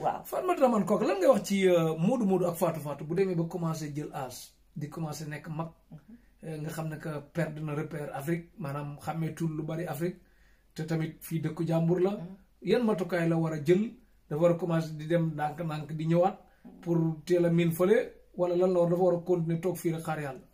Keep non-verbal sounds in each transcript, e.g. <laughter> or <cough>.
waaw Fatma man kooku lan ngay wax ci euh, Moodu Moodu ak Fatou Fatou bu demee ba commencé jël âge di commencé nekk mag mhm. euh, nga xam ne que perdre na repère Afrique maanaam xàmmeetul lu bari Afrique te tamit fii dëkku jàmbur la mhm. yan matukaay la war a jël dafa war a commencé di dem ndànk-ndànk di ñëwaat pour teel a miin fële wala lan la war dafa war a continuer toog fii rek xaar yàlla.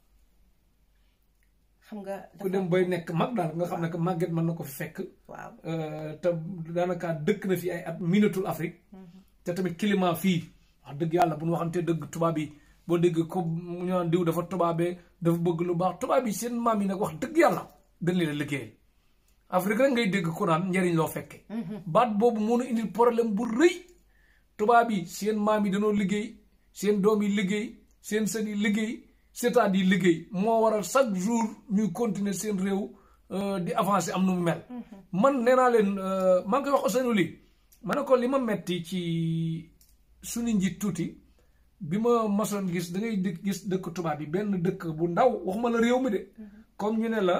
xam nga ku dem bay nekk mag daal nga xam ne que màgget man na ko fi fekk. waaw euh, te daanaka dëkk na fi ay at miinatul Afrique. Mhm. te tamit climat fii wax dëgg yàlla bu ñu waxante dëgg tubaab yi boo dégg ko ñu naan diw dafa tubaabee dafa bëgg lu baax tubaab yi seen maam yi nag wax dëgg yàlla dañ leen a liggéeyal Afrique rek ngay dégg ku naan njëriñ loo fekkee. Mhm. baat boobu moo nu indil problème bu rëy tubaab yi seen maam yi danoo liggéey seen doom yi liggéey seen sën yi liggéey seetaat di liggéey moo war waral chaque jour ñuy continuer seen réew euh, di avancé am nu mu mel. Mhm. man nee naa leen euh, maa koy wax ma ne ko li ma metti ci suñu njiit tuuti bi ma masoon gis da ngay gis dëkk tubaab yi benn dëkk bu ndaw wax ma la réew mi de mhm. comme ñu ne la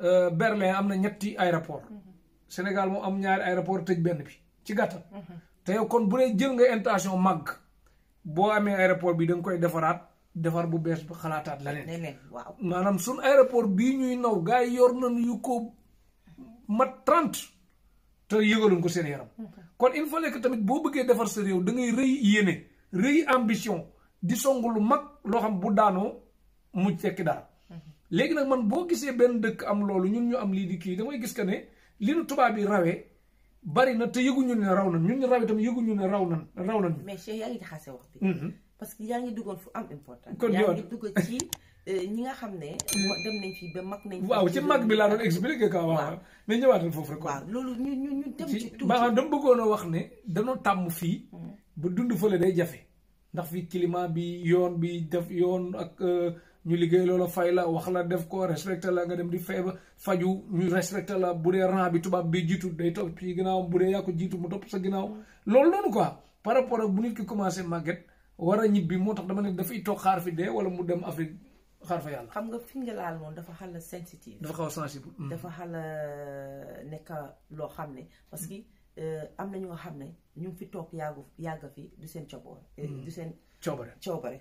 euh, Berlin am na ñetti aéroport mhm. Sénégal moo am ñaari aéroport tëj benn bi ci gàttal mhm. te kon bu dee jël nga intention màgg boo amee aéroport bi da nga koy defaraat defar bu bees bu xalaataat la leneen waaw maanaam suñ aéroport bii ñuy naw gars yi yor nañu yu ko mat trente te yëgaluñ ko seen yaram kon il fallait que tamit boo bëggee defar sa réew da ngay rëy yéene rëy ambition di songu lu mag loo xam bu daanoo mu tekki dara. léegi nag man boo gisee benn dëkk am loolu ñun ñu am lii di kii damay gis que ne li nu tubaab yi rawee bari na te yëguñu ne raw nan ñun ñu rawee tam yëguñu ne raw nan raw nan. mais Cheikh yaa ngi jaxase wax bi. Mhm. parce que yaa ngi duggoon fu am important. kon yaa Euh, ñi nga xam ne. dem nañ fi ba mag nañ. waaw ci mag bi laa doon ko quoi waaw. mais ñëwaatal foofu rek. waaw loolu ñu ñu ñu dem ci tuuti. maanaam dama bëggoon wax ne danoo tàmm fii. Hmm. ba dund fële day jafe. ndax fi climat bi yoon bi def yoon ak euh, ñu liggéey loola fay la wax la def ko respecté la nga dem di fay ba faju ñu respecté la bu dee rang bi tubaab bi jiitu day topp ci ginnaawam bu dee yaa ko jiitu mu topp sa ginnaaw. Hmm. loolu noonu quoi par rapport ak bu nit ki commencé màgget war a ñibbi moo tax dama ne dafay toog xaar fi dee wala mu dem Afrique. xaar fa xam nga fi nga laal moom dafa xala sensitive. dafa xaw a bu mm. dafa xala euh, nekk loo xam ne parce que euh, am na ñoo xam ne ñu ngi fi toog yàggu yàgg fi du seen coobare. Euh, mm. du seen coobare coobare.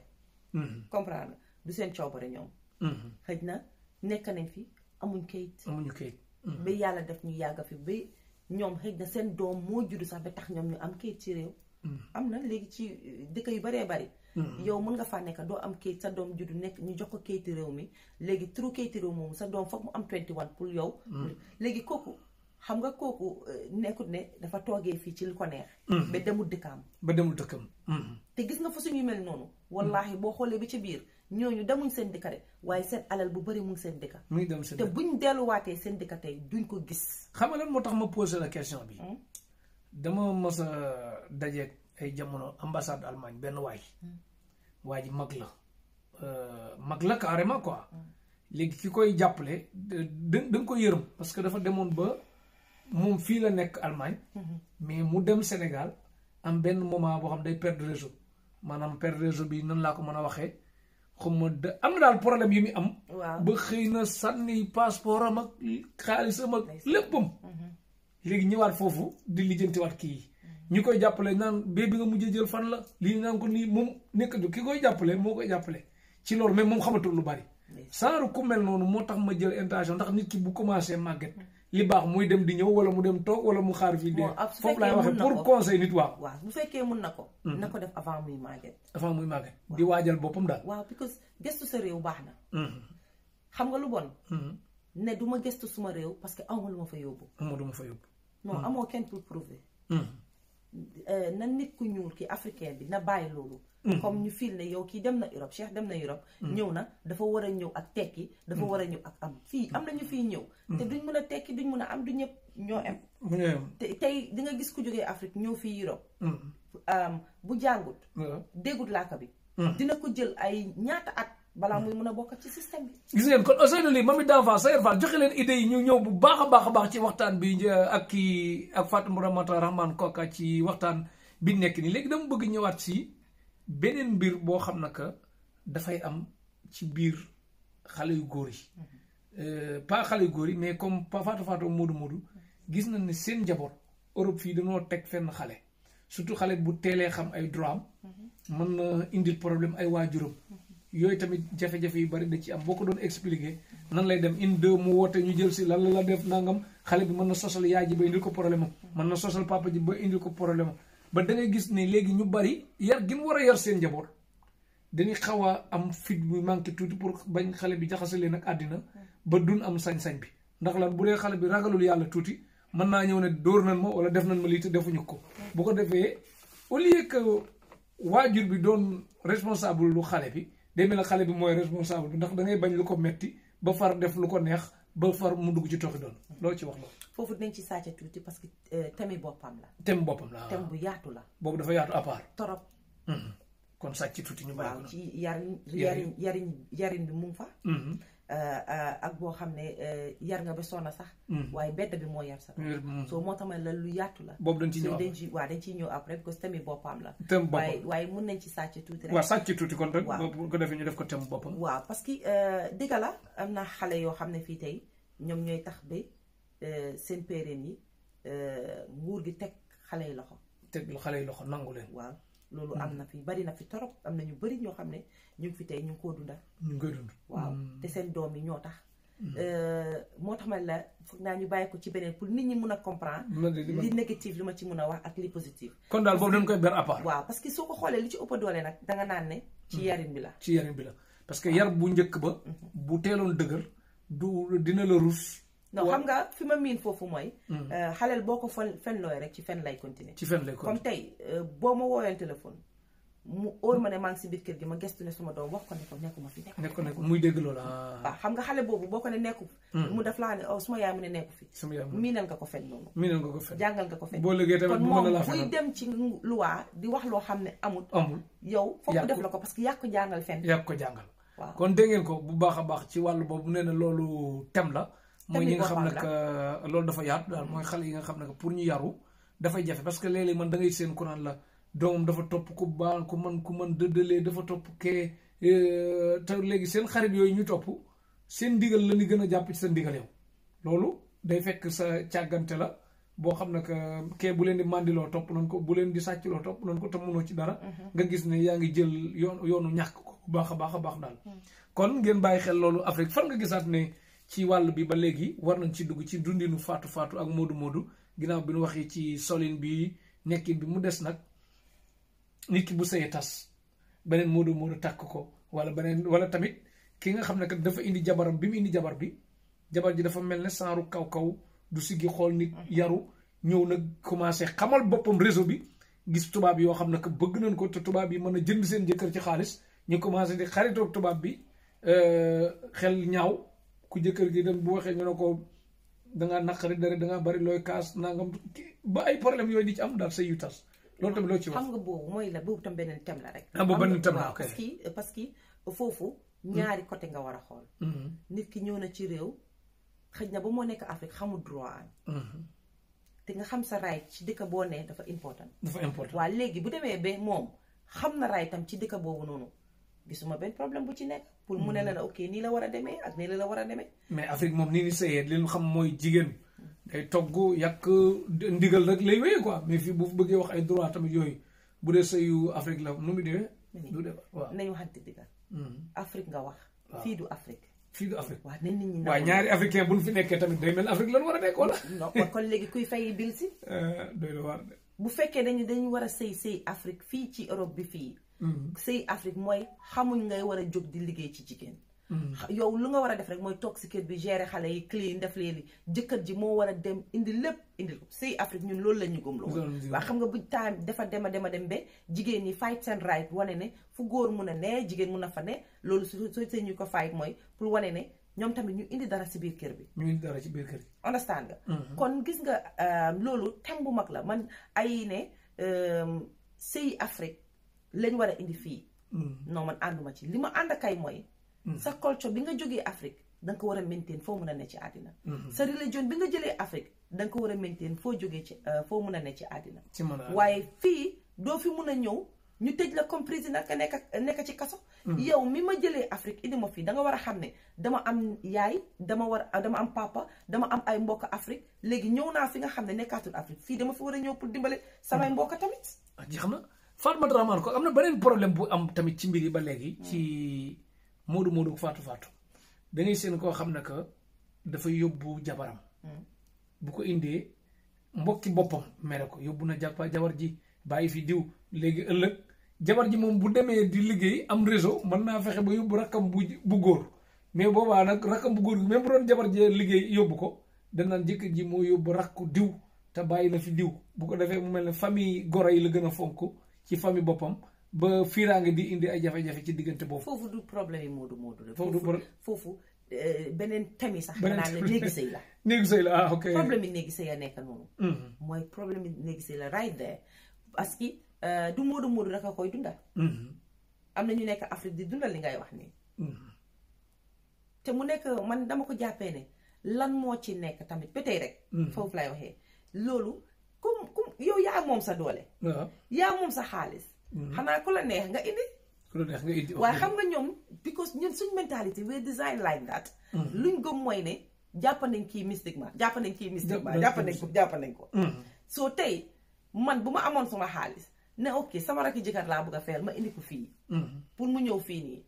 Mm-hmm. comprendre du seen coobare ñoom. Mm-hmm. xëj na nekk nañ fi amuñ kayit. amuñu kayit. Mm-hmm. ba yàlla def ñu yàgg fi ba ñoom xëj na seen doom moo juddu sax ba tax ñoom ñu am kayit ci réew. am na léegi ci dëkk yu baree bari. Mm-hmm. yow mën nga faa nekk doo am kayit sa doom juddu nekk ñu jox ko kayiti réew mi léegi turu kayiti réew moomu sa doom foog mu am 21 pour yow. Mm-hmm. léegi kooku xam nga kooku eh, nekkut ne dafa toogee fii ci li ko neex. ba demul dëkkaam. Mm-hmm. ba demul dëkkam. te gis nga fa suñu mel noonu. wallaahi boo xoolee bi ci biir. ñooñu demuñ seen dëkka de waaye seen alal bu bëri mu ngi seen dëkka te buñ delluwaatee seen dëkka tey duñ ko gis xam nga lan moo tax ma posé la question bi dama mas a dajeeg ay jamono ambassade Allemagne benn waay waa ji mag la euh, mag la carrément quoi léegi ki koy jàppale da da nga ko yërëm parce que dafa demoon ba moom fii la nekk Allemagne mais mu dem Sénégal am benn moment boo xam day perdre réseau maanaam perdre réseau bi nan laa ko mën a waxee xam ma da am na daal problème yu muy am ba xëy na sànni passeport am ak xaalisam ak léppam mhm. léegi ñëwaat foofu di lijjantiwaat kii ñu koy jàppale naan bee bi nga mujjee jël fan la lii naan ko nii moom nekkatu ki koy jàppale moo koy jàppale ci loolu mais moom xamatul lu bari. saaru ku mel noonu moo tax ma jël intention ndax nit ki bu commencé màgget. li baax muy dem di ñëw wala mu dem toog wala mu xaar fii. bon foofu laay waxee pour conseil nit waaw. waaw bu fekkee mun na ko. Hmm. na ko def avant muy màgget. avant muy màgget di waajal boppam daal. waaw parce que gëstu sa réew baax na. Hmm. xam nga lu bon. Hmm. ne du ma gëstu suma réew parce que aw ma lu ma fa yóbbu. aw ma lu ma fa yóbbu. amoo kenn pour Euh, na nit ku ñuul ki africain bi na bàyyi loolu mm. comme ñu fiil ne yow kii dem na Europe Cheikh dem na Europe mm. ñëw na dafa war a ñëw ak tekki dafa mm. war a ñëw ak am fii am na ñu fiy ñëw te duñ mën a tekki duñ mën a am du ñëpp ñoo am te tey di gis ku jógee Afrique ñëw fii Europe um, bu jàngut déggut laaka bi dina ko jël ay ñaata at balaa muy mën a bokk ci système bi. gis ngeen kon Ousseynou lii Mamy Danfa Sayer Fall joxe leen idée yi ñu ñëw bu baax a baax a baax ci waxtaan bi ak kii ak Fatoumata Rahman Koka ci waxtaan bi nekk nii léegi dama bëgg ñëwaat si beneen mbir boo xam ne que dafay am ci biir xale yu góor yi. Euh, pas xale yu góor yi mais comme Pa Fatou Fatou Modou Modou gis nañ ne seen njaboot Europe fii dañoo teg fenn xale surtout xale bu teelee xam ay droit am. Mhm. mën na indil problème ay waajuram. Mhm. yooyu tamit jafe-jafe yu bari da ci am boo ko doon expliqué nan lay dem une deux mu woote ñu jël si lan la la def nangam xale bi mën na sosal yaay ji ba indil ko problème am mën na sosal papa ji ba indil ko problème ba da ngay gis ne léegi ñu bari yar gi mu war a yar seen njaboot dañuy xaw a am fit bu tuuti pour bañ xale bi jaxase leen ak àddina ba dun am sañ-sañ bi ndax lan bu dee xale bi ragalul yàlla tuuti mën naa ñëw ne dóor nañ ma wala def nañ ma lii te defuñu ko boo ko defee au lieu que waajur bi doon responsable lu xale bi day mel ne xale bi mooy responsable bi ndax da bañ lu ko metti ba far def lu ko neex ba far mu dugg ci tooxi doon mm-hmm. loolu ci wax loolu. foofu dinañ ci sàcce tuuti parce que euh, thème boppam la. thème boppam la thème bu yaatu la. boobu dafa yaatu à part. torop. Mm-hmm. kon sàcc tuuti ñu bàyyi ko. waaw ci yariñ yariñ yariñ yariñ bi mu fa. Mm-hmm. Euh, euh, ak boo xam ne euh, yar nga ba sonna sax mm. waaye bedd bi moo yar sax mm. mm. soo moo tax ma la lu yaatu la boobu dañ ci ñëw dañ ci waaw ciy ñëw après parce que thème boppam la thème boppam waaye waaye mun nañ ci sàcc tuuti rek waaw sàcc tuuti kon rek bu ko ñu def ko thème boppam waaw parce que dëgg la am na xale yoo xam ne fii tey ñoom ñooy tax ba seen péréen yi nguur gi teg xale yi loxo teg xale yi loxo nangu leen waaw loolu am na fi bari na fi torop am na ñu bari ñoo xam ne ñu ngi fi tey ñu ngi koo dunda ñu ngi koy dund waaw mm. te seen doom yi ñoo tax mm. euh, moo tax ma la foog naa ñu bàyyi ko ci beneen pour nit ñi mun a comprendre li négatif li ma ci mun a wax ak li positif kon daal boobu dañ koy ber à waaw parce que soo ko xoolee li ci ëpp doole nag danga naan ne ci mm. yarin bi la ci yarin bi la parce que yar bu njëkk ba mm-hmm. bu teeloon dëgër du dina la rus non xam nga fi ma miin foofu mooy. Mm. Euh, xaleel boo ko fen fen looy rek ci fen lay continuer. ci fen lay continuer comme tey euh, boo ma wooyoon téléphone. mu óor ma ne maa ngi si biir kër gi ma gestu ne suma doom wax ko ne ko nekkuma fi nekk nekk muy dégg loolu ah. xam nga xale boobu boo ko ne nekku mm. mu def laa ne oh suma yaay mu ne nekku fi miinal nga ko fen noonu miinal nga ko fen jàngal nga ko fen boo liggéey tamit mu mën a la wax loo xam ne amul amul yow foog mu def ko parce que yàq ko jàngal fen ko jàngal waaw kon dégg ko bu baax a baax ci wàllu boobu nee na loolu tem la mooy ñi nga xam ne euh, que loolu dafa yaatu daal mooy xale yi nga xam ne que pour ñu yaru dafay jafe parce que léeg man dangay ngay seen kuraan la doom dafa topp ku baal ku mën ku mën dëddalee dafa topp kee euh, te léegi seen xarit yooyu ñu topp seen ndigal la ni gën a jàpp ci sa ndigal yow loolu day fekk sa càggante la boo xam ne euh, que bu leen di mandiloo topp noonu ko bu leen di sàccloo topp noonu ko te ci dara. Mhm. nga gis yaa ngi jël yoon yoonu ñàkk ko bu baax a baax a baax daal. Mhm. kon ngeen bàyyi xel loolu Afrique fan nga gisaat ne. ci wàll bi ba léegi war nañ ci dugg ci dundinu faatu faatu ak moodu moodu ginnaaw bi ñu waxee ci solin bi nekkin bi mu des nag nit ki bu sëyee tas beneen moodu moodu takk ko wala beneen wala tamit ki nga xam ne kat dafa indi jabaram bi mu indi jabar bi jabar ji dafa mel ne saaru kaw kaw du siggi xool nit yaru ñëw nag commencé xamal boppam réseau bi gis tubaab yoo xam ne que bëgg nañ ko te tubaab yi mën na jënd seen jëkkër ci xaalis ñu commencé di xaritoog tubaab bi euh, xel ñaaw ku jëkkër gi dem bu waxee ñu ne ko dangaa naqari dara dangaa bari looy kaas nangam ba ay problème yooy di ci am daal sëy yu tas loolu tamit loo ci wax xam nga boobu mooy la boobu tam beneen thème la rek ah boobu beneen thème la parce que parce foofu ñaari hmm. côté nga war a xool hmm. nit ki ñëw na ci réew xëj na ba moo nekk Afrique xamul droit hmm. te nga xam sa right ci dëkk boo ne dafa important dafa important waaw léegi bu demee ba moom xam na right tam ci dëkk boobu noonu gisuma benn problème bu ci nekk. pour mu ne la ok nii la war a demee ak nii la war a demee. mais Afrique moom nii ni sëyee li ñu xam mooy jigéen. day togg yàq ndigal rek lay wéyee quoi mais fii bu bëggee wax ay droit tamit yooyu bu dee sëyu Afrique la nu mu demee. du dee waaw nañu waxante dëgg hmm. Afrique nga wax. fii du Afrique. fii du Afrique waaw nit ñi. waaw ñaari africain bu ñu fi nekkee tamit day mel Afrique lan war a nekk wala. <laughs> non kon léegi kuy fay bil si. Eh, doy bu fekkee dañu dañu war a sëy sëy Afrique fii ci Europe bi fii. Mm. sëy Afrique mooy xamuñ ngay war a jóg di liggéey ci jigéen mm. yow lu nga war a def rek mooy toog si kër bi gere xale yi clean def leen li jëkkër ji moo war a dem indi lépp indi ko sëy Afrique ñun loolu la ñu gëm la woon waa xam nga bu time dafa dema dema dem be jigéen ñi fight seen right wane ne fu góor mun a ne jigéen mun a fa ne loolu su seen ñu ko fight mooy pour wane ne ñoom tamit ñu indi dara si biir kër bi. ñu indi dara ci biir kër bi. understand nga. Mm-hmm. kon gis nga um, loolu thème bu mag la man ay ne um, sëy lañ war a indi fii. Mm. non man ànduma ci li ma ànd akay mooy. Mm. sa culture bi nga jógee Afrique danga ko war a maintain foo mun a ne ci àddina. Mm-hmm. sa religion bi nga jëlee Afrique da nga ko a maintain foo jógee ci euh, foo mun a ne ci àddina. waaye fii doo fi mun a ñëw. ñu tëj la comme président ka nekk nekk ci kaso. Mm-hmm. yow mi ma jëlee Afrique indi ma fii da war a xam ne dama am yaay dama war a dama am papa dama am ay mbokk Afrique léegi ñëw naa fi nga xam ne nekkaatul Afrique fii dama fi war a ñëw pour dimbale samay mm-hmm. mbokk tamit. Ah, jeex na Fatma Dramane ko am na beneen problème bu am tamit ci mbir yi ba léegi ci Modou Modou faatu faatu da ngay seen koo xam ne que dafa yóbbu jabaram hmm. bu ko indee mbokki boppam mere ko yóbbu na jàppa jabar ji bàyyi fi diw léegi ëllëg jabar ji moom bu demee di liggéey am réseau mën naa fexe ba yóbbu rakkam bu bu góor mais boobaa nag rakkam bu góor bi même jabar ji liggéey yóbbu ko danaan jëkkër ji mooy yóbbu rakku diw te bàyyi na fi diw bu ko defee mu mel ne famille goro yi la gën a fonk ci famille boppam ba fiiraange di indi ay jafe-jafe ci diggante boobu. foofu du problème yi Moodu Moodu la. foofu foofu euh, beneen thème sax. beneen thème la néegi sëy la. <laughs> néegi sëy la ah ok problème yi néegi sëy a nekk noonu. Mm-hmm. mooy problème yi néegi sëy la right parce que euh, du Moodu Moodu da koy dundal. Mm-hmm. am na ñu nekk Afrique di dundal li ngay wax nii. Mm-hmm. te mu nekk man dama ko jàppee ne lan moo ci nekk tamit ba tey rek. foofu lay waxee loolu. yow yaa moom sa doole. yaa moom sa xaalis. Mm-hmm. xanaa ku la neex nga indi. ku la neex nga indi waaye xam nga ñoom because ñun suñ mentalité we design like that. Mm-hmm. luñ gëm mooy ne jàpp nañ kii mystiquement jàpp nañ kii mystiquement jàpp nañ ko jàpp ko. soo tey man bu ma amoon sama xaalis ne ok sama rakki jëkkër laa bëgg a fayal ma indi ko fii. Mm-hmm. pour mu ñëw fii nii.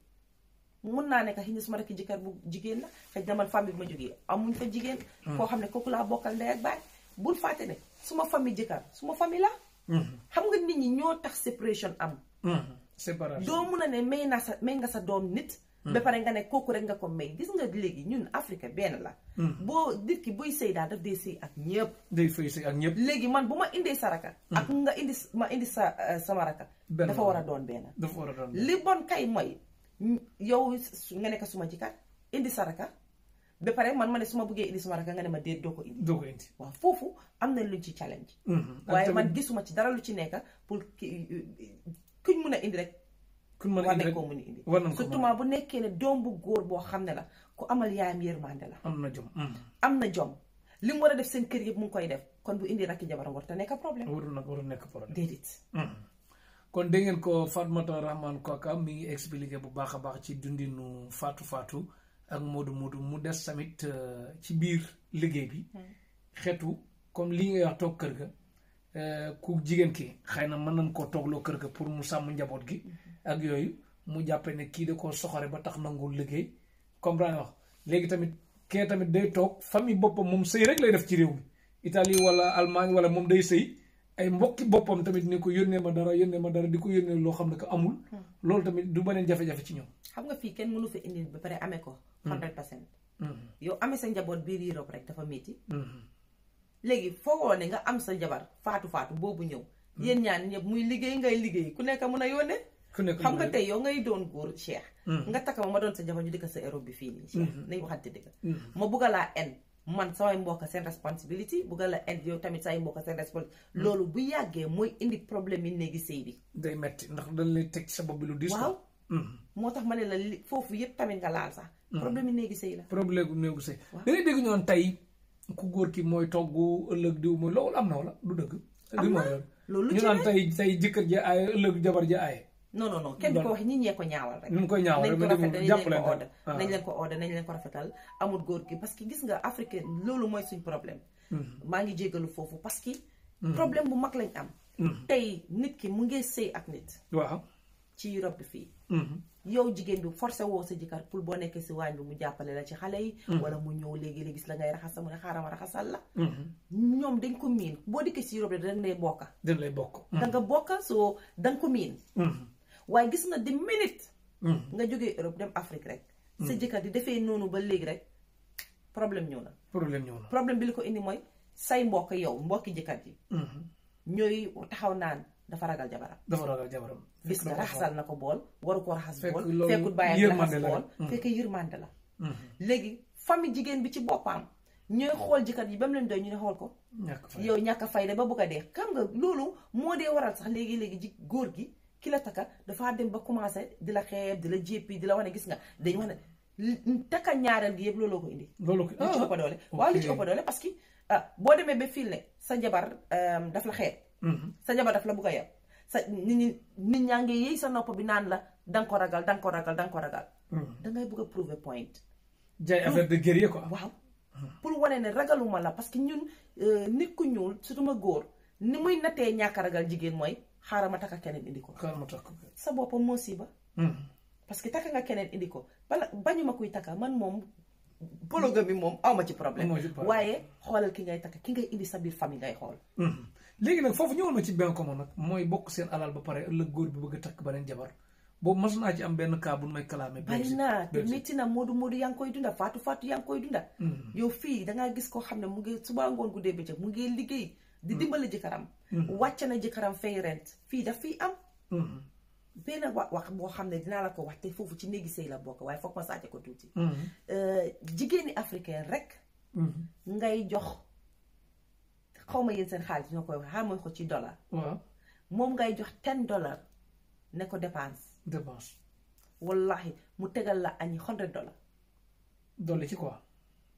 mun naa nekk xëy na suma rakki jëkkër bu jigéen la xëy na man ma jógee amuñ fa jigéen. koo xam ne kooku laa bokkal ndey ak bul fàtte ne suma famille jëkkër suma famille la mhm. xam nga nit ñi ñoo tax séparation am mhm. doo mun a ne may naa sa may nga sa doom nit mhm. ba pare nga ne kooku rek nga ko may gis nga léegi ñun Afrique benn la boo nit ki buy sëy daal daf day sëy ak ñëpp day fay ñëpp léegi man bu ma indee sa raka ak nga indi ma indi sa euh, sama raka dafa war a doon benn dafa war a doon li bon kay mooy yow nga nekk suma jëkkër indi sa raka ba pare man ma ne su ma bëggee indi suma rakk nga ne ma déet doo ko indi. doo ko indi waaw foofu am na luñ ci challenge. Mm-hmm. waaye man gisuma ci dara lu ci nekk pour ki kuñ mun a indi rek. kuñ mën a koo a indi. war ko surtout nekkee ne doom góor boo xam ne la ku amal yaayam yërmande la. am na jom mm-hmm. am na jom. li mu war a def seen kër yëpp mu koy def kon bu indi rakki jabaram war te nekk problème. warul nag warul nekk problème déedéet. Mm-hmm. kon dégg ngeen ko Fatoumatta Rahman Kocka mi ngi expliqué bu baax a baax ci dundinu Fatou Fatou. ak moodu moodu mu des tamit euh, ci biir liggéey bi hmm. xeetu comme lii ngay wax toog kër ga euh, ku jigéen ki xay na mën nañ koo toogloo kër ga pour mu sàmm njaboot gi hmm. ak yooyu mu jàppe ne kii da koo soxore ba tax nangul liggéey comme comprendre wax léegi tamit kee tamit day toog famille boppam moom sëy rek lay def ci réew mi Italie wala Allemagne wala moom day sëy ay mbokki boppam tamit ni ko yónnee ma dara yónnee ma dara di ko yónnee loo xam ne ko amul hmm. loolu tamit du beneen jafe ci ñoom xam nga fii kenn mënu fa indi ba pare amee ko hundred percent mm-hmm. yow amee sa njaboot biir Europe rek dafa métti mm-hmm. léegi foogoo ne nga am sa jabar faatu faatu boobu ñëw mm-hmm. yéen ñaan ñëpp muy liggéey ngay liggéey ku nekk mun a yónnee xam nga tey yow ngay doon góor Cheikh nga takk ma ma doon sa jabar ñu dëkk sa Europe bi fii nii Cheikh nañ waxante dëgg ma bugga laa en man samay mbokk seen responsibility bugga la en yow tamit samay mbokk seen responsibility loolu bu yàggee mooy indi problème yi néegi sëy bi day metti ndax dañ lay sa bi lu diis Mm-hmm. problème néegu sëy la. problème néegu sëy. waaw da ngay dégg ku góor ki mooy togg ëllëg diw ma loolu am na wala du dëgg. am na loolu ñu naan tey tey jëkkër ji aaye ëllëg jabar ji aaye. non non non kenn ko wax ñi ñee ko ñaawal rek. ñu koy ñaawal rek mais dégg jàpp leen ko ah. nañ rafetal amul góor gi parce que gis nga africain loolu mooy suñ problème. Mm-hmm. maa ngi jégalu foofu parce que. Mm-hmm. problème bu mag lañ am. tey nit ki mu ngi sëy ak nit. waaw ci Europe fii. yow jigéen bi forcé woo sa jëkkër pour boo nekkee si waañ bi mu jàppale la ci xale yi mm-hmm. wala mu ñëw léegi-léegi gis la ngay raxasa mu ne xaaral ma raxasal la mm-hmm. ñoom dañ ko miin boo dikkee si Europe da nga lay bokka dañ lay bokk mm-hmm. bokka soo da nga ko miin waaye gis na di minute nga jógee Europe dem Afrique rek sa jëkkër di defee noonu ba léegi rek problème ñëw na problème ñëw problème bi li ko indi mooy say mbokk yow mbokki jëkkër ji ñooy taxaw naan dafa ragal jabaram. dafa ragal jabaram. gis nga raxasal na ko bool. waru ko raxas bool fekkul bàyyi raxas bool fekk yërmande la. Mm-hmm. léegi famille jigéen bi ci boppam. ñooy xool jëkkër yi ba mu leen doy ñu ne xool ko. yow ñàkk a fayda ba dee xam loolu moo dee waral sax léegi léegi ji góor gi ki la takka dafaa dem ba commencé di la xeeb di la jéppi di la wane gis nga dañu wax ne takka ñaareel gi yëpp looloo ko indi. looloo ko li ah, ci ëpp doole. waaw li ci doole parce que ah, boo demee ba file sa jabar euh, daf la xeeb Mm-hmm. sa jabar daf la bugg a yeb sa nit ñi nit ñaa ngi yëy sa nopp bi naan la danga ko ragal danga ko ragal danga ko ragal. Mm-hmm. dangay bugg a prouver point. jaay affaire de guerrier quoi. Mm-hmm. pour wane ne ragaluma la parce que ñun euh, nit ku ñuul surtout ma góor ni muy nattee ñàkk ragal jigéen mooy xaaral ma takka keneen indi ko. xaaral ma takk moo si ba. parce que takka nga keneen indi ko bala bañuma kuy takka man moom. bologa bi moom awma ci problème. waaye xoolal ki ngay takk ki ngay indi sa biir famille ngay xool. léegi nag foofu ñëwal ma ci bien commun nag mooy bokk seen alal ba pare ëllëg góor bi bëgg a takk beneen jabar boobu mas naa ci am benn cas bu may kalaame. bari naa te métti na Modou Modou yaa ngi koy dunda Fatou Fatou yaa ngi koy dunda. Hmm. yow fii da ngaa gis koo xam ne mu ngi suba ngoon guddee bëccëg mu ngi liggéey. di hmm. dimbali jëkkëram. Hmm. wàcc na jëkkëram fay rent fii daf fiy am. benn wa wax boo xam ne dinaa la ko wax te foofu ci néegi sëy la bokk waaye foog ma sàcce ko tuuti. Euh, jigéeni africain rek. ngay jox. xaw ma yéen seen xaalis ñoo koy wax xaar mooy xot moom ngay jox ten dollar ne ko dépense. dépense. wallahi mu tegal la añi hundred dollar. dolli ci quoi.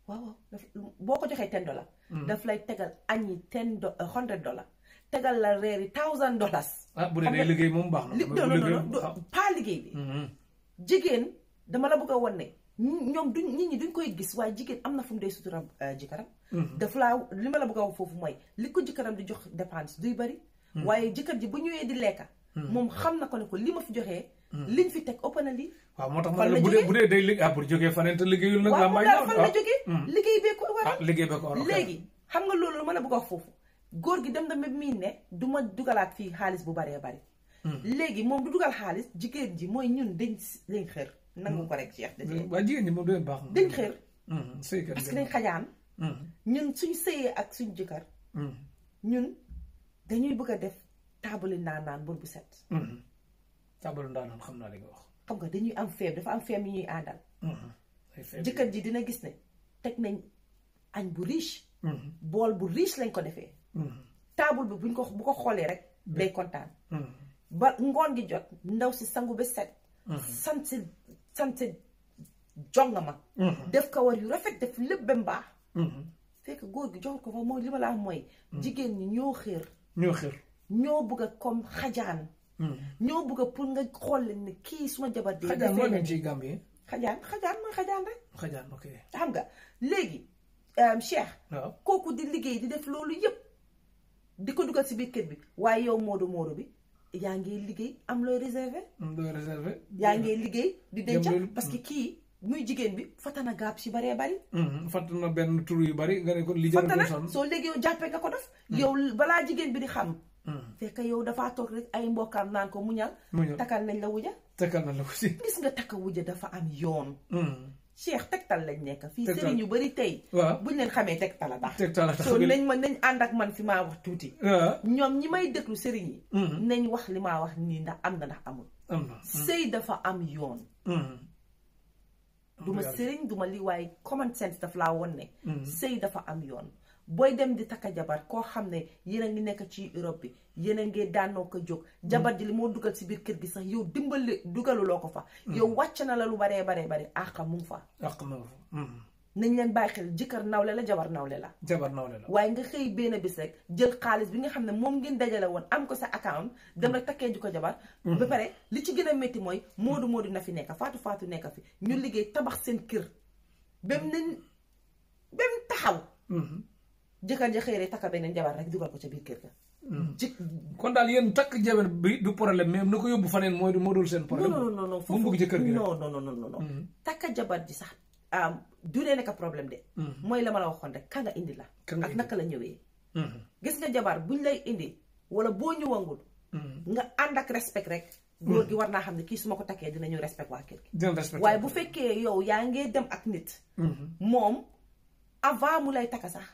waaw waaw boo ko joxee ten dollar. Hmm. daf lay tegal añi ten do uh, hundred dollar. tegal la reeri thousand dollars. ah bu dee day liggéey moom baax na. li non non non liggéey bi. Hmm. jigéen dama la bëgg a ne ñoom du nit ñi duñ koy gis waaye jigéen am na fu mu dee sutura uh, jëkkëram Mm-hmm. dafa laa li ma la bëgg a wax foofu mooy li ko jëkkëram di jox dépense duy bari mm-hmm. waaye jëkkër ji bu ñëwee di lekka mm-hmm. moom xam na ko ne ko li ma fi joxee liñ fi teg ëpp na lii waaw moo tax ma bu dee bu dee day ah, pour jógee faneen te liggéeyul nag la may waaw fan la ko ah, liggéey bee ko ah, léegi xam nga loolu ma la bëgg a wax foofu góor gi dem na même miin ne du ma dugalaat fii xaalis bu baree bari léegi moom du dugal xaalis jigéen ji mooy ñun dañ dañ xër nangu ko rek jeex waaw jigéen ñi moom dañ baax dañ xër parce que dañ xajaan Mm. ñun suñ sëyee ak suñ jëkkër mm. ñun dañuy bëgg a def taabalu ndaanaan bër bu set mm. taabalu ndaanaan xam naa li wax xam dañuy am feem dafa am feem yi ñuy àndal jëkkër ji dina gis ne teg nañ añ bu riche bool bu riche lañ ko defee taabul bi buñ ko bu ko xoolee rek day kontaan ba ngoon gi jot ndaw si sangu ba set sant si sant si jongama def kawar yu rafet def lépp ba mbaax Mhm. fekk góor gi jox ko fa mooy li ma la am mooy. Mhm. jigéen ñi ñoo xër. ñoo xër ñoo bëgg a comme xajaan. Mhm. ñoo bëgg pour nga xool leen ne kii suma jabar dee. xajaan moo leen ciy Gambie. xajaan xajaan mooy xajaan rek. xajaan ok. xam nga léegi euh, Cheikh. waaw kooku di liggéey di def loolu yëpp. di ko dugal si biir kër bi waaye yow Moodu Moodu bi. yaa ngi liggéey am looy réservé. looy réservé. yaa ngi liggéey di denc parce que hmm. kii. muy jigéen bi fatana gaab si baree bari. Mm-hmm. fatana benn tur yu bari nga ne ko li fatana soo léegi jàppee nga ko def. Mm-hmm. yow balaa jigéen bi di xam. Mm-hmm. fekk yow dafa toog rek ay mbokkaam naan ko muñal. muñal takkal nañ la wuja. takkal nañ la wuja gis nga takka wuja dafa am yoon. cheikh tegtal lañ nekk fii sëriñ yu bari tey. waaw buñ leen xamee tegtal a tax. tegtal a tax soo nañ ma nañ ànd ak man fi maa wax tuuti. ñoom ñi may déglu sëriñ yi. nañ wax li maa wax nii ndax am na ndax amul. am dafa am yoon. duma sëriñ duma lii waaye common sense daf laa woon ne mm-hmm. sëy dafa am yoon booy dem di takka jabar koo xam ne yéen a ngi nekk ci Europe bi yéen a ngi daanoo ko jóg mm-hmm. jabar ji li moo dugal si biir kër gi sax yow dimbali dugaluloo ko fa mm-hmm. yow wàcc na la lu baree baree bare àq mu fa àq fa nañ leen bàyyi xel jëkkër nawle la jabar nawle la. jabar nawle la waaye nga xëy benn bis rek jël xaalis bi nga xam ne moom ngeen dajale woon am ko sa account dem rek takkee ko jabar. Mm-hmm. ba pare li ci gën a métti mooy moodu moodu na fi nekk faatu faatu nekk fi ñu liggéey tabax seen kër. bem mm-hmm. ja xëy rek takka beneen jabar rek dugal ko ca biir kër ga. jë mm-hmm. kon daal yéen takk jabar bi du gi non non non non takka jabar ji sax. du dee nekk problème de. Mhm. mooy la ma la waxoon rek ka nga indi la. ak naka la ñëwee. Mhm. gis nga jabar buñ lay indi wala boo ñëwangul. Mhm. nga ànd ak respect rek. góor gi war naa xam ne kii su ma ko takkee dina ñëw respect waa kër waaye bu fekkee yow yaa ngee dem ak nit. moom avant mu lay takk sax.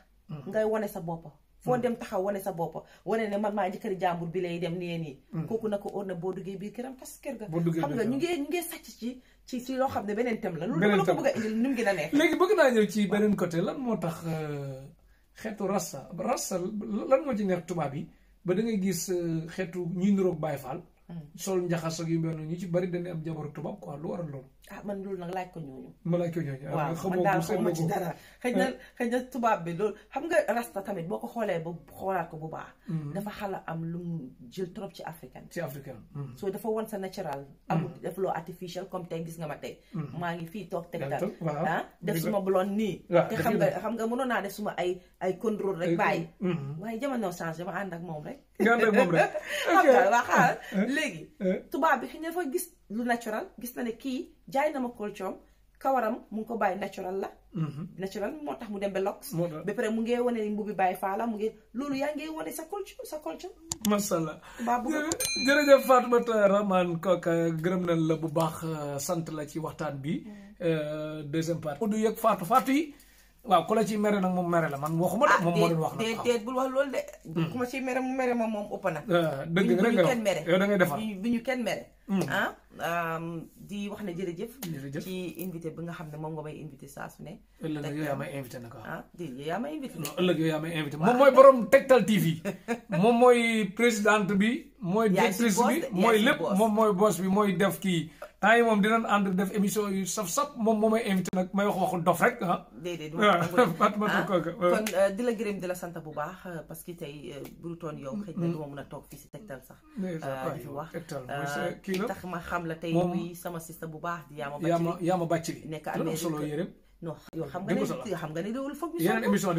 ngay wane sa bopp. foo dem taxaw wale sa bopp wale ne man maa jëkkëri jàmbur bi lay dem nee nii mm. kooku na ko óor na boo duggee biir këram tas kër ga xam nga ñu ngee ñu ngee sàcc ci ci ci loo xam ne beneen thème la loolu la ko bëgg a indil ni mu gën a neex léegi bëgg naa ñëw ci beneen côté lan moo tax euh, xeetu rassa rassa lan moo ci neex tubaab yi ba da ngay gis euh, xeetu ñuy niroog Baay Faal mm. sol njaxas ak yu mel ñu ci bari dañuy am jabaru tubaab quoi lu waral loolu ah man loolu nag laaj ko ñooñu. ma laaj ko ñooñu. Ah, waaw man daal xamuma ci dara xëy na ah. xëy na tubaab bi loolu xam nga rasta tamit boo ko xoolee ba xoolaat ko bu baax. Mm-hmm. dafa xala am lu mu jël trop ci africain. ci africain. Mm-hmm. so dafa wan sa natural. amul mm-hmm. def loo artificial comme tey gis nga ma tey. maa ngi fii toog teg daal ah def suma blonde nii. te xam nga xam nga mënoon naa def suma ay ay contrôle rek bàyyi. waaye jamono change dama ànd ak moom rek. nga ànd moom rek. ok <laughs> xam nga waa eh. léegi. Eh. tubaab bi xëy na dafa gis. lu naturel gis na ne kii jaay na ma colchon kawaram mu ko bàyyi natural la. Mhm. natural moo tax mu dem ba lox. ba pare mu ngi wane ni mbubi bàyyi faa mu ngi loolu yaa ngi wane sa culture sa culture. macha allah jërëjëf Fatoumata Rahman Coker gërëm nañ la bu baax sant la ci waxtaan bi. Mm. Euh, deuxième partie. du yëg Fatou Fatou yi. waaw ku la ci mere nag moom mere la man waxuma de ah, moom moo doon wax nag loolu de. Hmm. ku ma ci mere mu mere moom ëpp na. Eh, dëgg la dëgg la yow da ngay defar bu ñu kenn mere. Hmm. Ah, di wax na jërëjëf. jërëjëf ci invité bi nga xam ne moom nga may invité saa ne. ëllëg yow yaa may invité na ah. déedéet yaa may invité. non ëllëg yow yaa may invité moom mooy borom Tektal TV moom mooy présidente bi. mooy <laughs> directrice bi mooy lépp moom mooy bos bi mooy def kii. temps moom dinañ ànd def émission yu saf-saf moom moo may invité nag may wax waxu dof rek ah. déedéet ah, kon euh, di la gërëm sant bu baax euh, parce que tey euh, bu toon yow. xëy na mm-hmm. du ma a toog fii si tegtal sax. di wax tax ma xam la tey muy sama sista bu baax di yaama bàcc li yaama bàcc li nekk Amérique non xam nga ne xam nga ne loolu foog ñu sol yeneen émission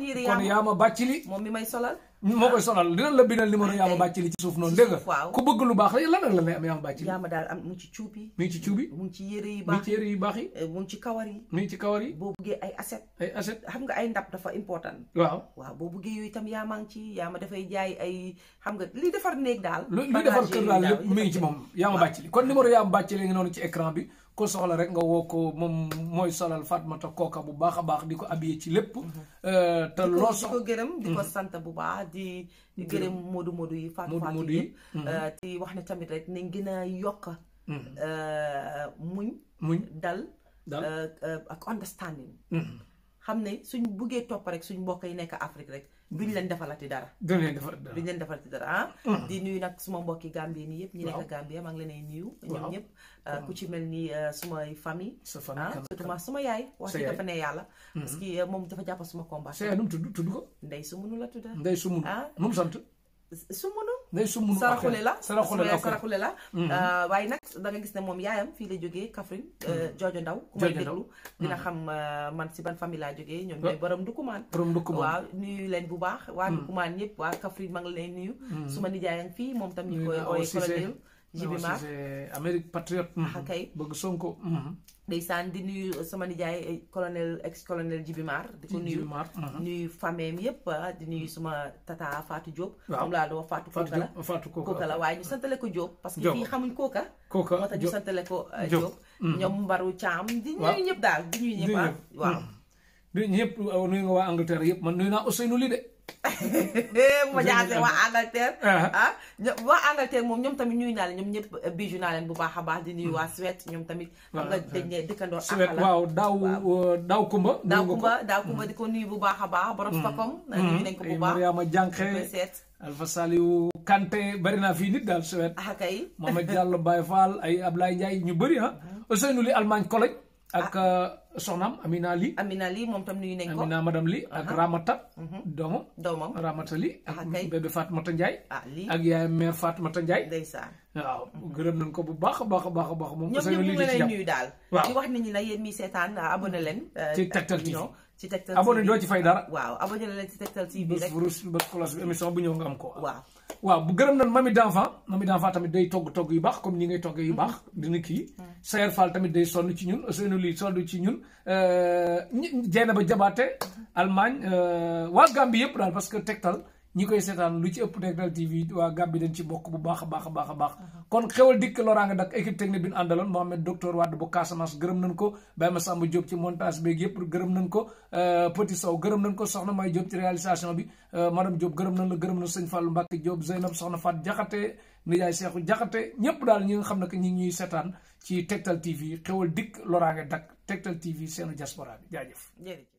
dinañ moom mi may solal moo koy solal dinañ la bindal numéro ah, yaa ma bàccili ci suuf noonu dégg nga ku bëgg lu baax la lan ak lan lay am yaa ma bàccili daal am mu ci cuub mu ci cuub yi baax yi eh, mu ci kawar yi mu ci kawar yi boo buggee ay aset ay aset xam nga ay ndab dafa important waaw waaw boo buggee yooyu itam yaa ma ngi ci yaa ma dafay jaay ay xam nga li defar néeg daal luy defar kër daal lépp mu ngi ci moom yaa ma bàccili kon numéro yaa ma bàccili ngi noonu ci écran bi ko soxla rek nga woo ko moom mooy solal Fatmata kooka bu baax a baax di ko habillé ci lépp. Mhm. Euh, te loo soxla di gërëm di mhm. sant bu baax di. di gërëm Modou Modou yi. Fatou Fatou yi mhm. euh, di wax ne tamit rek nañ gën a yokk. Euh, muñ. muñ dal. dal ak understanding. xam ne suñ buggee topp rek suñ mbokk yi nekk Afrique rek. duñ leen defalati dara. duñ leen defalati dara duñ leen defalati dara ah. Hmm. di nuyu nag suma mbokki Gambie nii yëpp. ñi nekk Gambie maa ngi leen ay nuyu. ñoom ñëpp ah, hmm. ku ci mel ni ah, sumay famille. sa famille ah, surtout ma yaay. wax dëgg dafa ne yàlla. Hmm. parce moom dafa jàpp suma combat. sa yaay nu mu tudd tudd ko. ndey su munu la tudd. ndey su munu nu mu sumunu day sumunu saraxule la saraxule la saraxule la mhm. euh, waaye nag da gis ne moom yaayam fii la jógee Kaffrine mhm. euh, joojo ndaw ku may déglu mhm. dina xam euh, man si ban famille laa jógee ñoom ñooy borom Ndukumaan borom bu baax waa Ndukumaan ñëpp waa Kaffrine ma ngi lay nuyu suma nijaayam fii moom tam ñu koy ooye colonel Jibi Mar Amérique patriote. bëgg Sonko ndeysaan di nuyu sama nijaay eh, colonel ex colonel Djibi Mar di ko nuyu uh-huh. nuyu famille mi yëpp ah, di nuyu suma tata Fatou Diop moom laa doon Fatou Kooka la Fatou Kooka la waaye ñu santale ko Diop parce que fii xamuñ Kooka Kooka moo tax ñu santale ko eh, Diop mm-hmm. ñoom Mbaru Thiam di nuyu ñëpp daal di nuyu ñëpp ah. waaw mm-hmm. di uh, nga waa Angleterre yëpp man nuyu naa Ousseynou Ly de bu <laughs> ma jaxasee waa Angleterre ah, ah moom ñoom tamit ñuy naa leen ñoom ñëpp eh, biju naa leen bu baax a baax di nuyu waa Suède ñoom tamit xam nga dañ ne dëkkandoo Suède waaw daaw euh, daaw Kumba daaw Kumba daaw Kumba di ko nuyu bu baax a baax mm. borom Stockholm mm. nuyu nañ ko bu baax Mariama Jànqe Alpha Saliou Kanté bari naa fii nit daal Suède ah kay Mamadou Diallo Baye Fall ay Ablaye Ndiaye ñu bëri ah mm-hmm. Ousseynou li Allemagne Cologne ak ah. euh, soxnaam Amina Ly. Amina Ly moom tam nuyu nañ ko Amina madame Ly ak uh-huh. Ramata. Mm-hmm. doomam doomam Ramata Ly. ak ah, bébé Fatmata Ndiaye. Ah, ak yaay mère Fatmata Ndiaye. waaw mm-hmm. gërëm nañ ko bu baax a baax a baax a baax. moom parce que lii di ci jàpp ñoom ñëpp ñu ngi lay nuyu daal. waaw di wax nit ñi nag yéen mi seetaan abonné leen. ci euh, Tektal TV ci Tektal doo ci fay dara. waaw abonné leen ci Tektal TV rek bés bu bés émission bu ñëw nga am ko waaw. waaw bu gërëm nañ mami d'enfant mami d'enfant tamit day togg togg yu baax comme ni ngay toggee yu baax mm-hmm. dina kii mm-hmm. Sayer Fall tamit day sonn ci ñun Ousseynou Ly sonn ci ñun euh, Dieynaba Jabaate Allemagne euh, waa Gambie yëpp daal parce que tegtal ñi koy seetaan lu ci ëpp Tektal TV waa Gàmbi dañ ci bokk bu baax a baax a baax a baax kon xewal dikk loraanga dak équipe technique bi ñu àndaloon Mohamed docteur Wade bu Casamance gërëm nañ ko Baye Massamba Diop ci montage beeg yëpp gërëm nañ ko euh, Petit Sow gërëm nañ ko Soxna May Diop réalisation bi euh, madame Diop gërëm nañ la gërëm nañ sëñ Fallou Mbacke Diop Zeynab Soxna Fat Jaxate Nijaay Seexu Jaxate ñëpp daal ñi nga xam ne que ñi ñuy seetaan ci Tektal TV xewal dikk loraanga dak Tektal TV seenu diaspora bi jaajëf